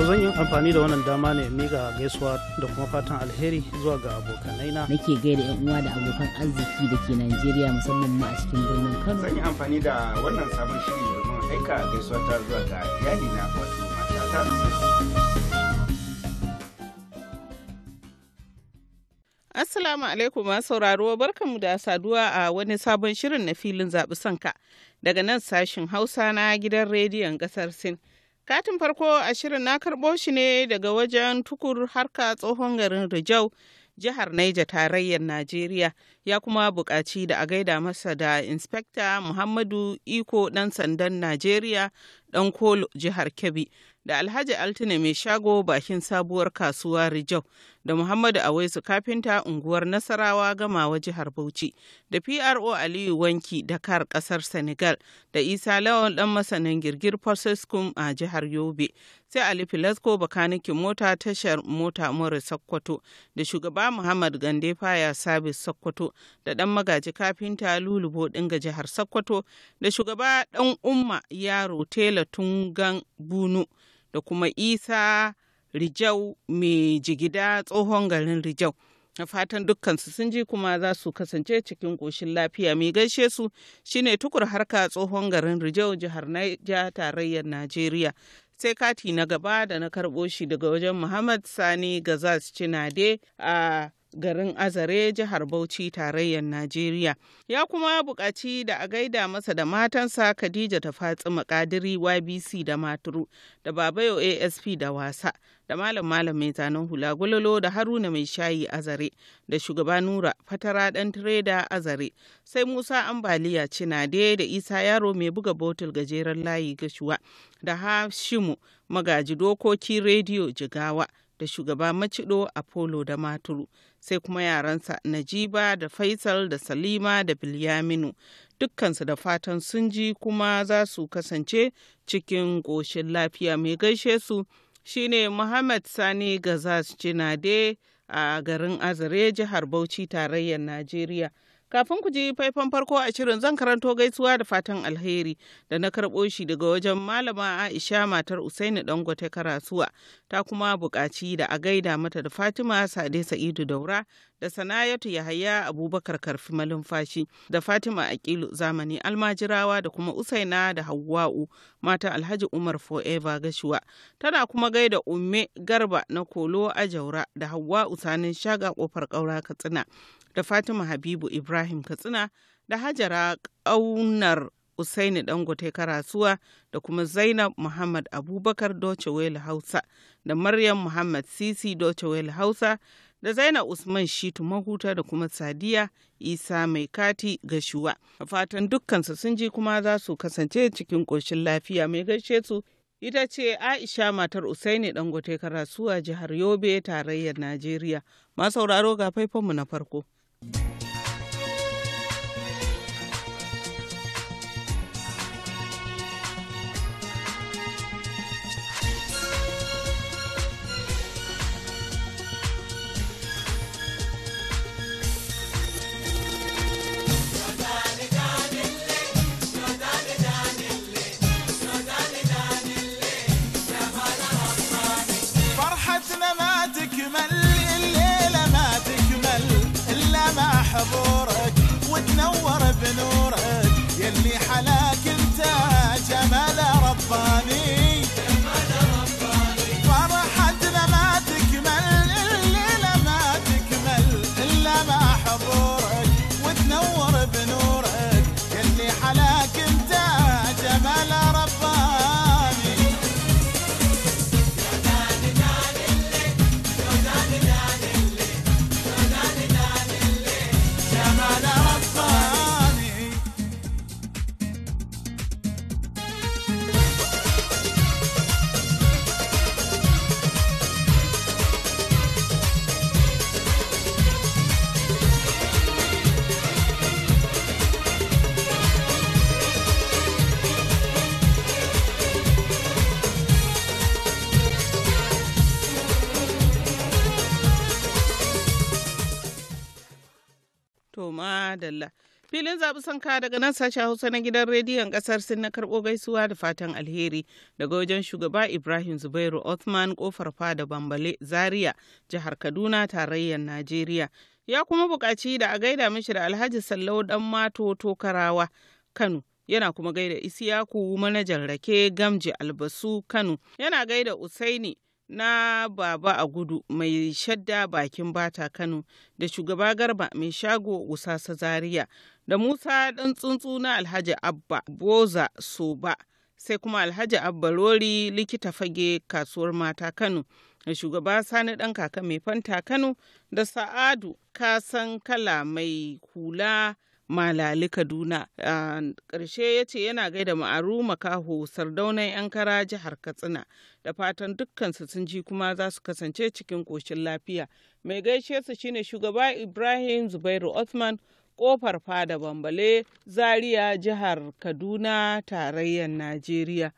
to zan yi amfani da wannan dama ne mi ga gaisuwa da kuma fatan alheri zuwa ga abokanai na nake gaida yan uwa da abokan arziki da ke Najeriya musamman ma a cikin birnin Kano zan yi amfani da wannan sabon shiri domin aika gaisuwa ta zuwa ga iyali na wato matata Assalamu alaikum sauraro barkanmu da saduwa a wani sabon shirin na filin zabi sanka daga nan sashin Hausa na gidan rediyon kasar Sin. Katin farko a shirin na karɓo shi ne daga wajen tukur harka tsohon garin Rijau, jihar Naija tarayyar Najeriya, ya kuma buƙaci da a gaida masa da Inspekta Muhammadu Iko ɗan sandan Najeriya dan kolo jihar kebbi da alhaji altina mai shago bakin sabuwar kasuwa rijau da muhammadu awaisu kafinta unguwar nasarawa gamawa jihar bauchi da pro aliyu wanki dakar kasar senegal da isa lawan dan masanin girgir fosiskum a jihar yobe sai ali filasko bakanikin mota tashar mota more sokoto da shugaba muhammad gande faya sabis sokoto da dan magaji kafinta lulubo dinga jihar sokoto da shugaba dan umma yaro tel Yola Tungan Bunu da kuma Isa Rijau mai jigida tsohon garin Rijau. Na fatan dukkansu sun ji kuma za su kasance cikin ƙoshin lafiya mai gaishe su shine tukur harka tsohon garin Rijau jihar Naija tarayyar Najeriya. sai kati na gaba da na karɓo shi daga wajen Muhammad Sani Gazas Cinade a garin Azare jihar Bauchi tarayyar Najeriya. Ya kuma buƙaci da a gaida masa da matansa Khadija ta fatsi Kadiri YBC da Maturu da Babayo ASP da Wasa da Malam Malam mai zanen hula gulolo da Haruna mai shayi Azare da shugaba Nura Fatara ɗan Tireda Azare sai Musa Ambaliya Cinade da Isa Yaro mai buga botul gajeren layi gashuwa da Hashimu magaji dokoki rediyo Jigawa. da shugaba macido apollo da maturu sai kuma yaransa najiba da faisal da salima da bilyaminu dukkansu da fatan sun ji kuma za su kasance cikin ƙoshin lafiya mai gaishe su shine muhammad sani gazas jinade a garin azare jihar bauchi tarayyar najeriya Kafin ku ji faifan farko a shirin zan karanto gaisuwa da fatan alheri da na karɓo shi daga wajen malama Aisha matar Usaini Dangote Karasuwa ta kuma buƙaci da a gaida mata da Fatima Sade Sa'idu Daura da Sanayatu Yahaya Abubakar Karfi Malumfashi da Fatima Akilu Zamani Almajirawa da kuma Usaina da Hawwa'u mata Alhaji Umar Forever Gashuwa tana kuma gaida Umme Garba na Kolo Ajaura da Hawwa'u Sanin Shaga Kofar Kaura Katsina da Fatima Habibu Ibrahim Katsina da Hajara Ƙaunar Usaini Dangote Karasuwa da kuma Zainab Muhammad Abubakar Doce Wele Hausa da Maryam Muhammad Sisi Doce Wele Hausa da Zainab Usman Shitu Mahuta da kuma Sadiya Isa Mai Kati Gashuwa. A fatan dukkansu sun ji kuma za su kasance cikin ƙoshin lafiya mai gaishe su ita ce Aisha matar Usaini Dangote Karasuwa jihar Yobe tarayyar Najeriya. Masauraro ga faifanmu na farko. To madalla. Filin zaɓi sanka daga nan sashen Hausa na gidan rediyon ƙasar sun na karɓo gaisuwa da fatan alheri daga wajen shugaba Ibrahim Zubairu Othman kofar fada Bambale Zaria jihar Kaduna tarayyar Najeriya. Ya kuma buƙaci da a gaida mishi da Alhaji Sallau Dan Mato Tokarawa Kano. yana kuma gaida isiyaku manajan rake gamji albasu kano yana gaida usaini na baba a gudu mai shadda bakin bata kano da shugaba garba mai shago usasa zaria da musa ɗan tsuntsu na alhaji abba boza soba sai kuma alhaji abba rori likita fage kasuwar mata kano da shugaba sani ɗan kaka mai fanta kano da sa'adu kasan kala mai hula malali kaduna a ƙarshe ya ce yana gaida ma'aru makaho sardaunan yan kara jihar katsina da fatan dukkansu sun ji kuma za su kasance cikin koshin lafiya mai gaishe su shine shugaba ibrahim zubairu othman ƙofar fada bambale zaria jihar kaduna tarayyar najeriya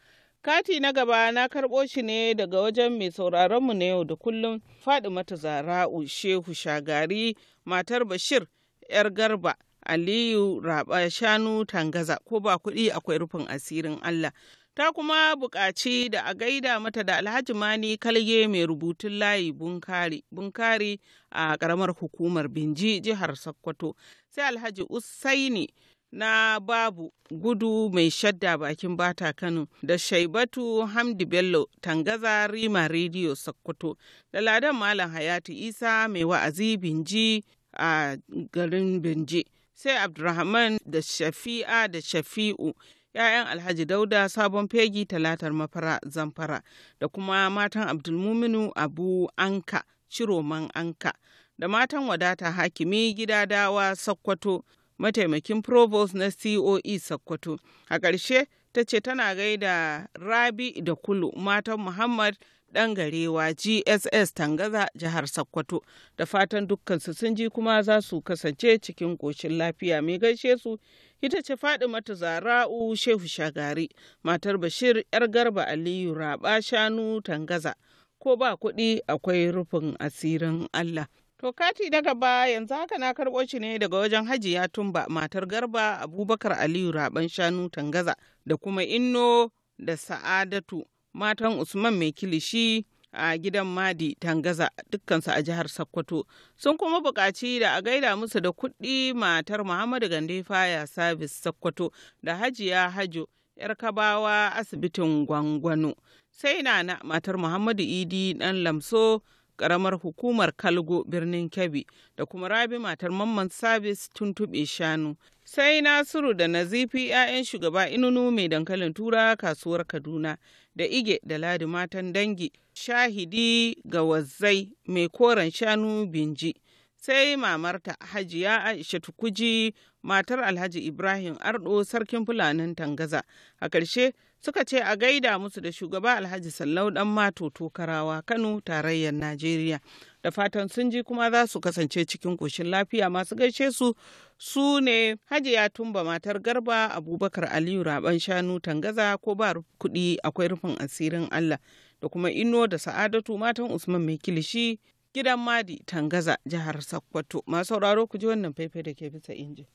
kati na gaba na karɓo shi ne daga wajen mai sauraronmu na yau da kullum fadi mata zara'u shehu shagari matar bashir 'yar garba aliyu raba shanu tangaza ko ba kuɗi akwai rufin asirin allah ta kuma buƙaci da a gaida mata da alhaji mani kalge mai rubutun layi bunkari bunkari a ƙaramar hukumar binji jihar sokoto sai alhaji usaini na babu gudu mai shadda bakin bata kano da shaibatu hamdi bello tangaza rima rediyo sokoto da ladan malam hayatu isa mai wa'azi binji a garin binji sai abdulrahman da shafi'a da shafi'u ‘ya'yan alhaji dauda sabon fegi talatar mafara zamfara da kuma matan abdulmuminu abu anka ciroman anka da matan wadata hakimi gida dawa sakkwato mataimakin provost na coe sakkwato a ƙarshe ta ce tana gaida rabi da kulu matan muhammad ɗan garewa gss tangaza jihar sokoto da fatan dukkansu sun ji kuma za su kasance cikin ƙoshin lafiya mai gaishe su ita ce faɗi mata zara'u shehu shagari matar bashir yar garba aliyu raba shanu tangaza ko ba kuɗi akwai rufin asirin allah To kati daga gaba yanzu haka na karɓo shi ne daga wajen hajiya tumba matar garba abubakar aliyu raban shanu tangaza da kuma inno da sa'adatu matan usman mai kilishi a gidan madi tangaza dukkansu a jihar sokoto sun kuma buƙaci da a gaida musu da kuɗi matar muhammadu gande faya service sokoto da hajiya hajo yar kabawa asibitin gwangwano sai na na matar muhammadu idi dan lamso karamar hukumar kalgo birnin kebbi da kuma rabi matar mamman service tuntube shanu sai nasiru da nazifi 'ya'yan shugaba inunu mai dankalin tura kasuwar kaduna da ige da ladi matan dangi shahidi ga wazzai mai koren shanu binji sai mamarta hajiya aisha tukuji matar alhaji ibrahim ardo sarkin fulanin tangaza a ƙarshe suka ce a gaida musu da shugaba alhaji sallau dan mato tokarawa kano tarayyar najeriya da fatan sun ji kuma za su kasance cikin ƙoshin lafiya masu gaishe su su ne hajiya tumba matar garba abubakar aliyu raban shanu tangaza ko ba kuɗi akwai rufin asirin allah da kuma ino da sa'adatu matan usman mai kilishi gidan madi tangaza jihar sakkwato masu sauraro ku ji wannan faifai da ke bisa injin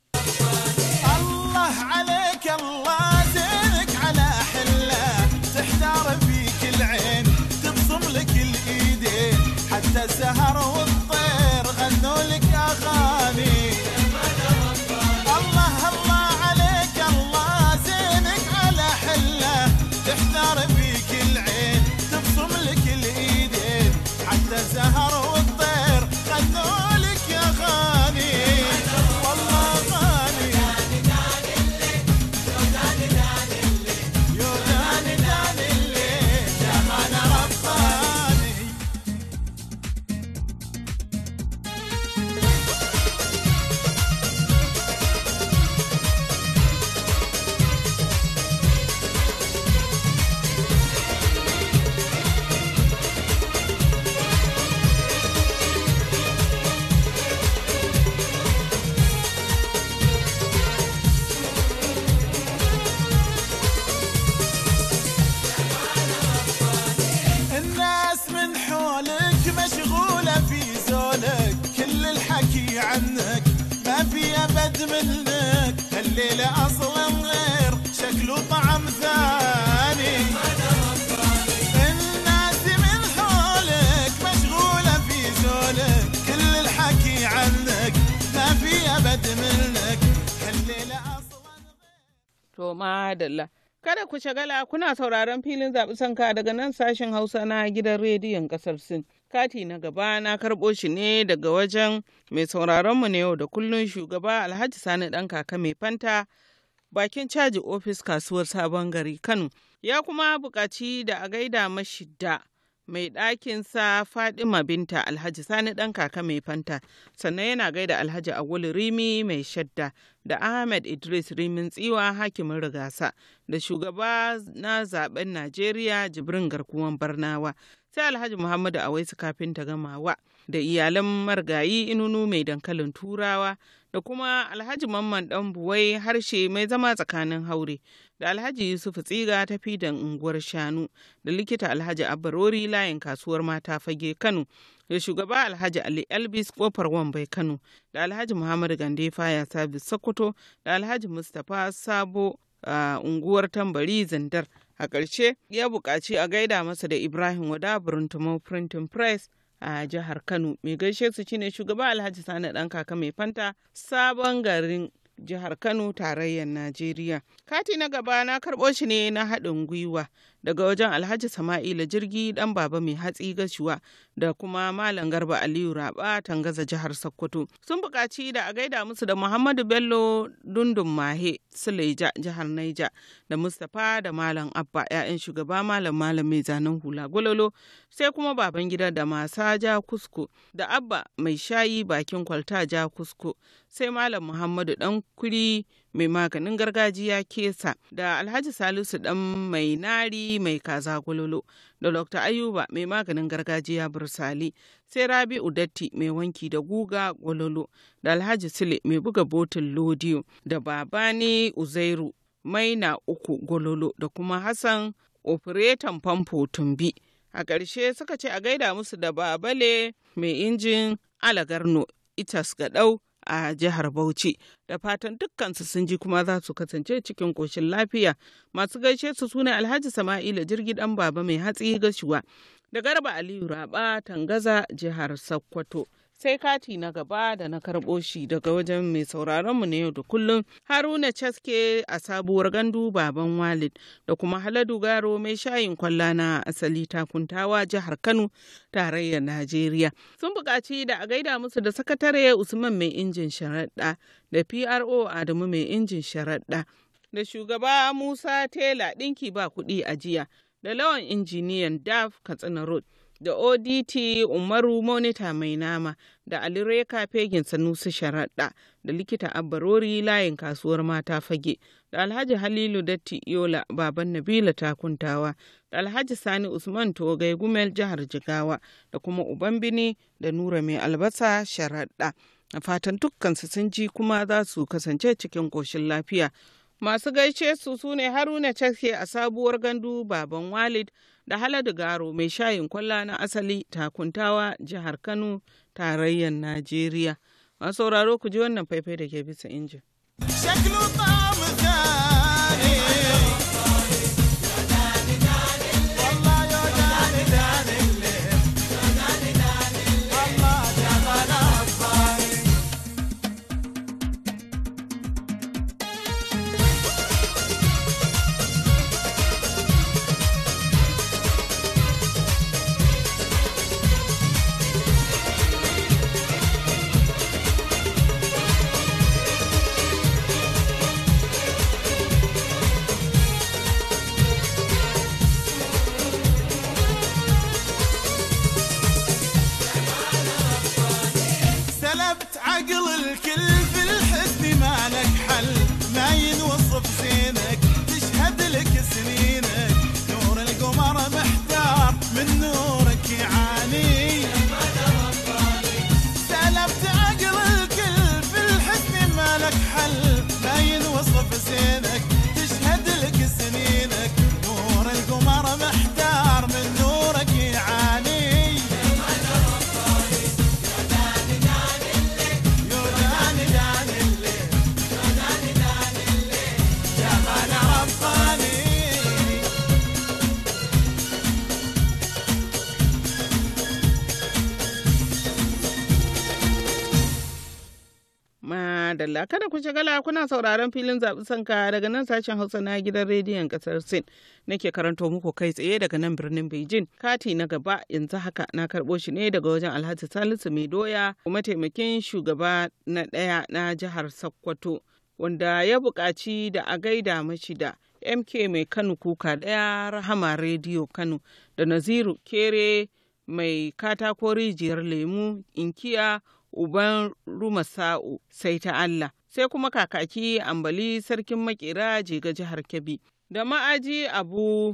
allah allah الله الله عليك الله زينك على حله تحترم مشغولة في زولك كل الحكي عنك ما في ابد منك الليلة اصلا غير شكله طعم ثاني الناس من حولك مشغولة في زولك كل الحكي عنك ما في ابد منك الليلة اصلا غير ما عاد Kada ku shagala kuna sauraron filin zaɓi sanka daga nan sashen Hausa na gidan rediyon ƙasar Sin. Kati na gaba na karɓo shi ne daga wajen mai sauraronmu na yau da kullun shugaba Alhaji Sani ɗan kaka mai fanta bakin caji ofis kasuwar sabon gari Kano. Ya kuma buƙaci da a gaida mashi da mai ɗakinsa Fadima Binta Alhaji Sani ɗan kaka mai fanta sannan yana gaida Alhaji Awul Rimi mai shadda da Ahmed Idris Rimin tsiwa hakimin rigasa da shugaba na zaben Najeriya Jibrin garkuwan Barnawa sai alhaji muhammadu awaisu kafin ta gamawa da iyalan marigayi inunu mai dankalin turawa da kuma alhaji mamman dan buwai harshe mai zama tsakanin haure da alhaji yusuf tsiga ta fidan unguwar shanu da likita alhaji abarori layin kasuwar mata fage kano da shugaba alhaji ali elbis kofar wambai kano da alhaji muhammadu gande faya sabis sokoto da alhaji mustapha sabo a unguwar tambari zandar a ƙarshe ya buƙaci a gaida masa da ibrahim wada buruntumo printing press a jihar kano mai gaishe su shine shugaba alhaji sani ɗan kaka mai fanta sabon garin jihar kano tarayyar najeriya kati na gaba na karɓo shi ne na haɗin gwiwa daga wajen alhaji sama'ila jirgi dan baba mai hatsi gashuwa da kuma malam garba aliyu raba tangaza jihar sokoto sun buƙaci da a gaida musu da muhammadu bello dundun mahe suleja jihar naija da mustapha da malam abba 'ya'yan shugaba malam malam mai zanen hula gololo sai kuma baban gida da masa ja kusko da abba mai shayi bakin kwalta ja kusko sai malam muhammadu dan kuri mai maganin gargajiya kesa da alhaji salisu dan mai nari mai kaza gololo da dr ayuba mai maganin gargajiya bursali sai rabi'u datti mai wanki da guga gololo da alhaji sile mai buga botin lodiyo da babani uzairu na uku gololo da kuma hassan ofiretan famfo tumbi a ƙarshe suka ce a gaida musu da babale mai injin alagarno itas gadau a jihar Bauchi. Da fatan dukkansu sun ji kuma za su kasance cikin ƙoshin lafiya. Masu gaishe su sune Alhaji Sama'ila jirgi dan baba mai hatsi gashuwa. Da Garba Aliyu Raba Tangaza jihar Sokoto. sai kati na gaba da na karɓo shi daga wajen mai sauraron mu na yau da kullum haruna caske a sabuwar gandu baban walid da kuma haladu garo mai shayin kwalla na asali takuntawa jihar kano tarayyar najeriya sun buƙaci da a gaida musu da sakatare usman mai injin sharaɗa da pro adamu mai injin sharaɗa da shugaba musa tela ɗinki ba kuɗi a jiya da lawan injiniyan daf katsina road da ODT Umaru Monita Mai Nama da Alireka Fegin Sanusi Sharaɗa da Likita Abbarori Layin Kasuwar Mata Fage da Alhaji Halilu Datti Yola Baban Nabila Takuntawa da Alhaji Sani Usman Togai Gumel Jihar Jigawa da kuma Uban Bini da Nura Mai Albasa Sharaɗa. A fatan dukkansu sun ji kuma za su kasance cikin ƙoshin lafiya. Masu gaishe su sune Haruna Cakke a sabuwar gandu Baban Walid da Haladu Garo mai shayin kwalla na asali takuntawa jihar Kano tarayyar Najeriya. Masu sauraro ku ji wannan faifai da ke bisa injin. Allah kada ku shagala kuna sauraron filin zaɓi sanka daga nan sashen Hausa na gidan rediyon ƙasar Sin nake karanto muku kai tsaye daga nan birnin Beijing kati na gaba yanzu haka na karɓo shi ne daga wajen Alhaji Salisu Mai Doya mataimakin shugaba na ɗaya na jihar Sokoto wanda ya buƙaci da a gaida mashi da MK mai Kano kuka ɗaya Rahama Rediyo Kano da Naziru Kere mai katako rijiyar lemu inkiya uban ruma sa'u sai ta Allah, sai kuma kakaki ambali sarkin makera jega jihar Kebbi, da ma'aji abu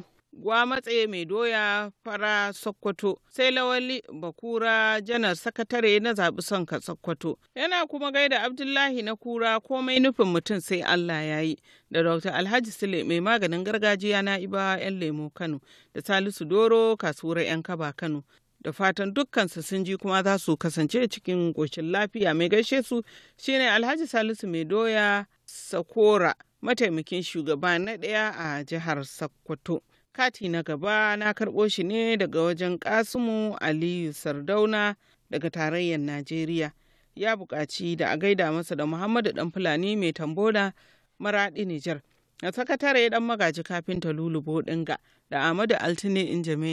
matsaye mai doya fara sokoto sai lawali bakura janar sakatare na zaɓi sonka sokoto yana kuma gaida abdullahi na kura komai nufin mutum sai allah ya yi da dr alhaji sule mai maganin gargajiya na iba yan lemo kano da salisu doro kasuwar yan kaba kano da fatan dukkansu sun ji kuma za su kasance cikin ƙoshin lafiya mai gaishe su shine alhaji salisu mai doya sakora mataimakin shugaba na ɗaya a jihar sakkwato kati na gaba na karɓo shi ne daga wajen kasimu aliyu sardauna daga tarayyar najeriya ya buƙaci da a gaida masa da muhammadu ɗan fulani mai tamboda maraɗi nijar da sakatare dan magaji kafinta lulubo dinga da ahmadu altine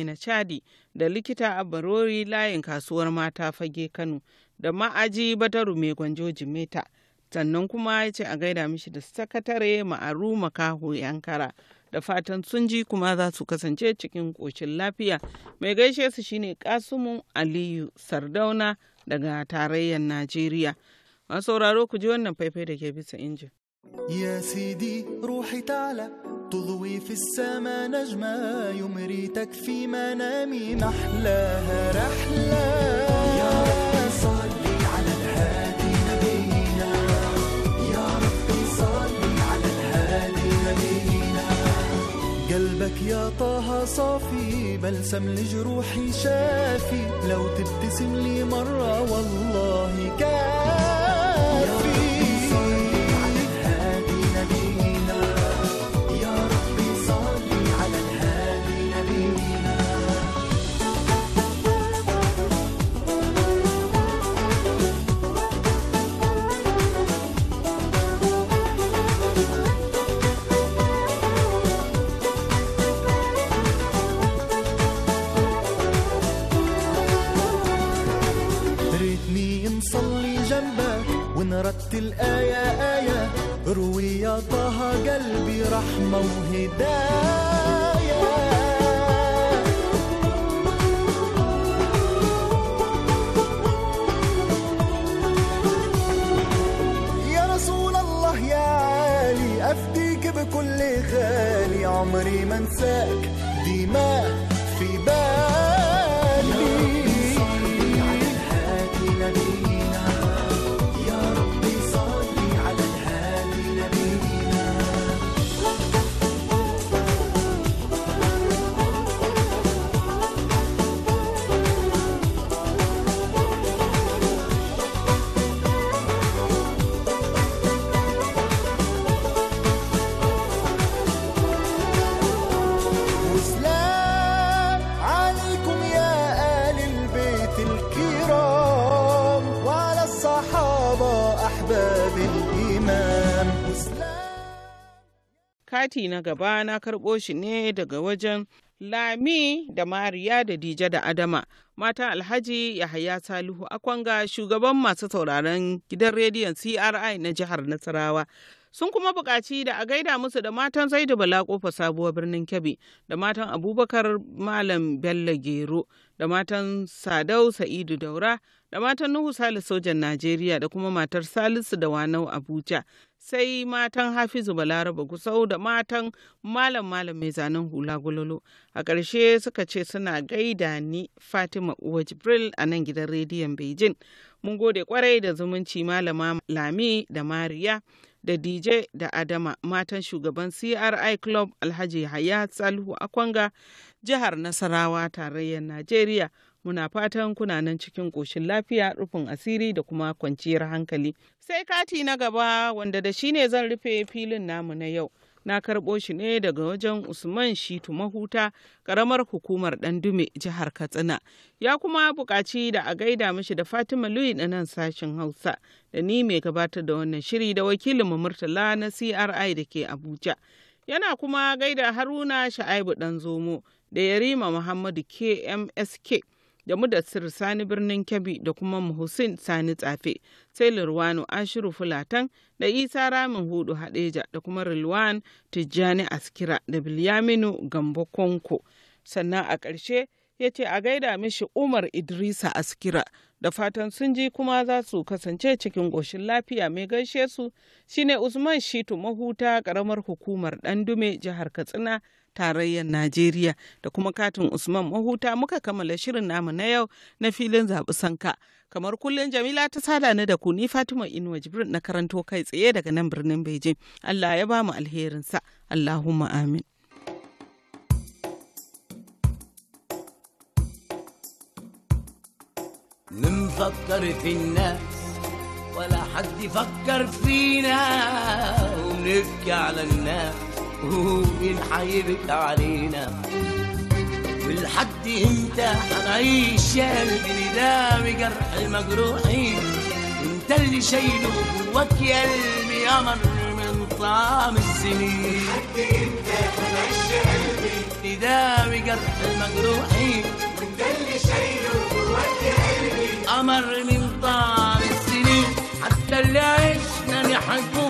na chadi da likita abarori layin kasuwar mata fage kano da ma'aji bataru mai gwanjo jimeta sannan kuma ya ce a gaida mishi da sakatare ma'aru makaho yankara da fatan sun ji kuma za su kasance cikin ƙoshin lafiya mai gaishe su shine kasumun aliyu sardauna daga tarayyar najeriya masu sauraro ku ji wannan faifai da ke bisa injin يا سيدي روحي تعلى تضوي في السما نجمة يمرتك في منامي محلاها رحلة يا على الهادي نبينا يا على الهادي نبينا قلبك يا طه صافي بلسم لجروحي شافي لو تبتسم لي مرة والله كافي said أحباب الإيمان Kati na gaba na karɓo shi ne daga wajen Lami da Mariya da Dija da Adama, matan Alhaji Yahaya Salihu Akwanga shugaban masu sauraron gidan rediyon CRI na jihar Nasarawa. Sun kuma buƙaci da a gaida musu da matan Zaidu Bala Kofa sabuwar birnin Kebbi, da matan Abubakar Malam Bello Gero, da matan Sadau Sa'idu Daura, da matan Nuhu Salisu sojan Najeriya da kuma matar Salisu da Wanau Abuja sai matan Hafizu Balaraba Gusau da matan Malam Malam mai zanen hula gololo a ƙarshe suka ce suna gaida ni Fatima Uwa Jibril a nan gidan rediyon Beijing mun gode kwarai da zumunci Malama Lami da Mariya da DJ da Adama matan shugaban CRI Club Alhaji Hayat Salihu Akwanga jihar Nasarawa tarayyar Najeriya Muna fatan kuna nan cikin ƙoshin lafiya, rufin asiri da kuma kwanciyar hankali. Sai kati na gaba wanda da shi ne zan rufe filin namu na yau. Na karɓo shi ne daga wajen Usman Shitu Mahuta, ƙaramar hukumar Ɗandume, jihar Katsina. Ya kuma buƙaci da a gaida mashi da Fatima Lui da nan sashen Hausa, da ni mai gabatar da wannan shiri da wakilin Murtala na CRI da ke Abuja. yana kuma gaida haruna sha'aibu dan zomo da yarima muhammadu kmsk da Mudassir Sani birnin Kebbi da kuma Muhsin Sani Tsafe, sai Lirwano Ashiru Fulatan da Isa Ramin Hudu Hadeja da kuma Rilwan Tijjani Askira da Bilyaminu Gambo Konko. Sannan a ƙarshe ya ce a gaida mishi Umar Idrisa Askira da fatan sun ji kuma za su kasance cikin ƙoshin lafiya mai gaishe su shine Usman Shitu Mahuta ƙaramar hukumar Ɗandume jihar Katsina. tarayyar Najeriya da kuma katin Usman Mahuta muka kammala shirin namu na yau na filin zaɓi sanka. Kamar kullum Jamila ta sada ni da ku ni Fatima Inuwa Jibrin na karanto kai tsaye daga nan birnin Beijing. Allah ya ba mu alherinsa. Allahumma amin. نفكر في الناس ولا حد يفكر فينا ونبكي على الناس ومين حيبكى علينا ولحد امتى هنعيش يا قلبي ده جرح المجروحين انت اللي شايله جواك يا قلبي قمر من طعم السنين لحد امتى هنعيش يا قلبي نداوي جرح المجروحين انت اللي شايله جواك يا قلبي قمر من طعم السنين حتى اللي عشنا نحكوه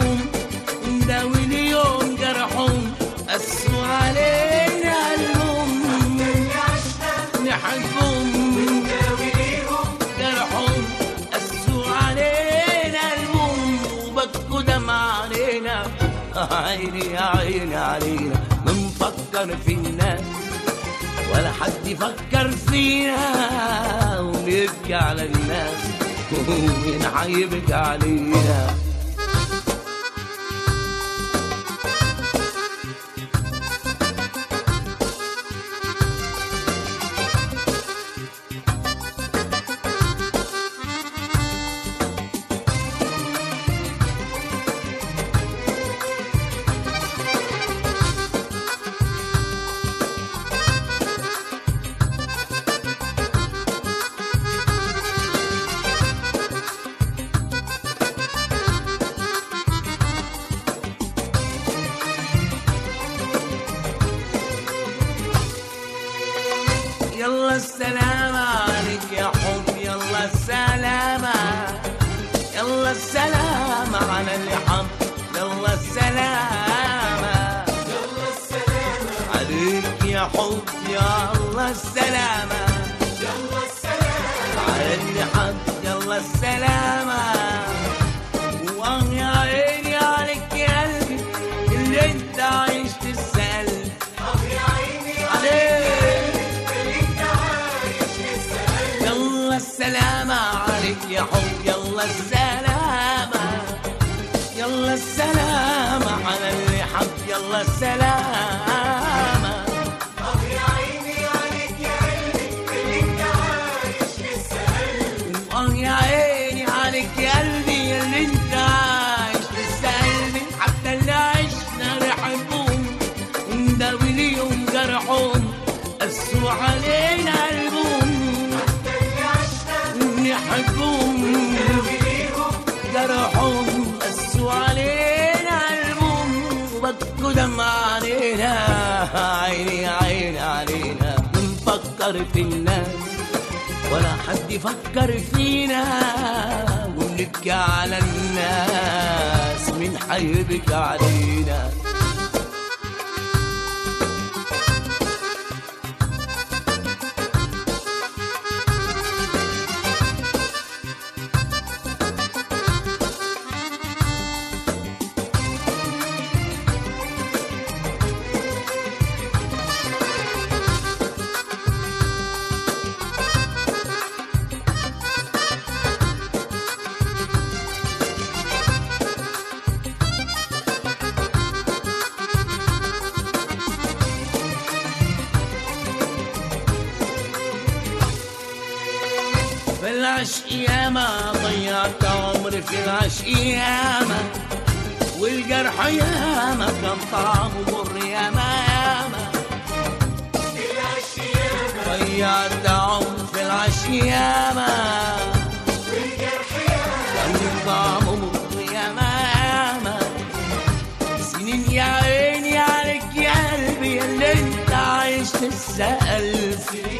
قسوا علينا قلبهم نحبهم جرحهم قسوا علينا قلبهم وبكوا دمع علينا عيني يا عيني علينا من فكر فينا ولا حد يفكر فينا ونبكي على الناس ومين ونعيبك علينا حب يا الله السلامة يلا السلامة على اللي حب يلا السلامة والله يا عيني عليك يا قلبي اللي انت عايش تسأل اه يا عيني عليك اللي انت عايش تسأل يلا السلامة عليك يا حب يلا السلامة يلا السلامة على اللي حب يلا السلامة ابني حبهم جرحهم قسوا علينا قلبهم وبكوا دم علينا عيني عين علينا بنفكر في الناس ولا حد يفكر فينا وبنبكي على الناس مين حيبكي علينا العشق ياما ضيعت عمري في العشق ياما والجرح ياما كان طعمه مر ياما ياما ضيعت عمري في العشق ياما والجرح ياما كان طعمه مر ياما سنين يا عيني عليك يا قلبي اللي انت عايش تسأل فيه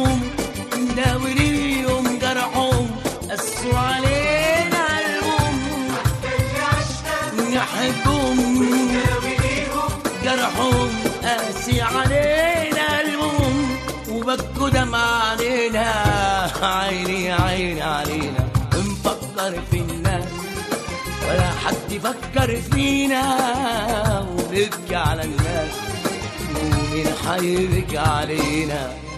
عيني عيني علينا مفكر فينا ولا حد فكر فينا ونبكي على الناس ومين حيبكي علينا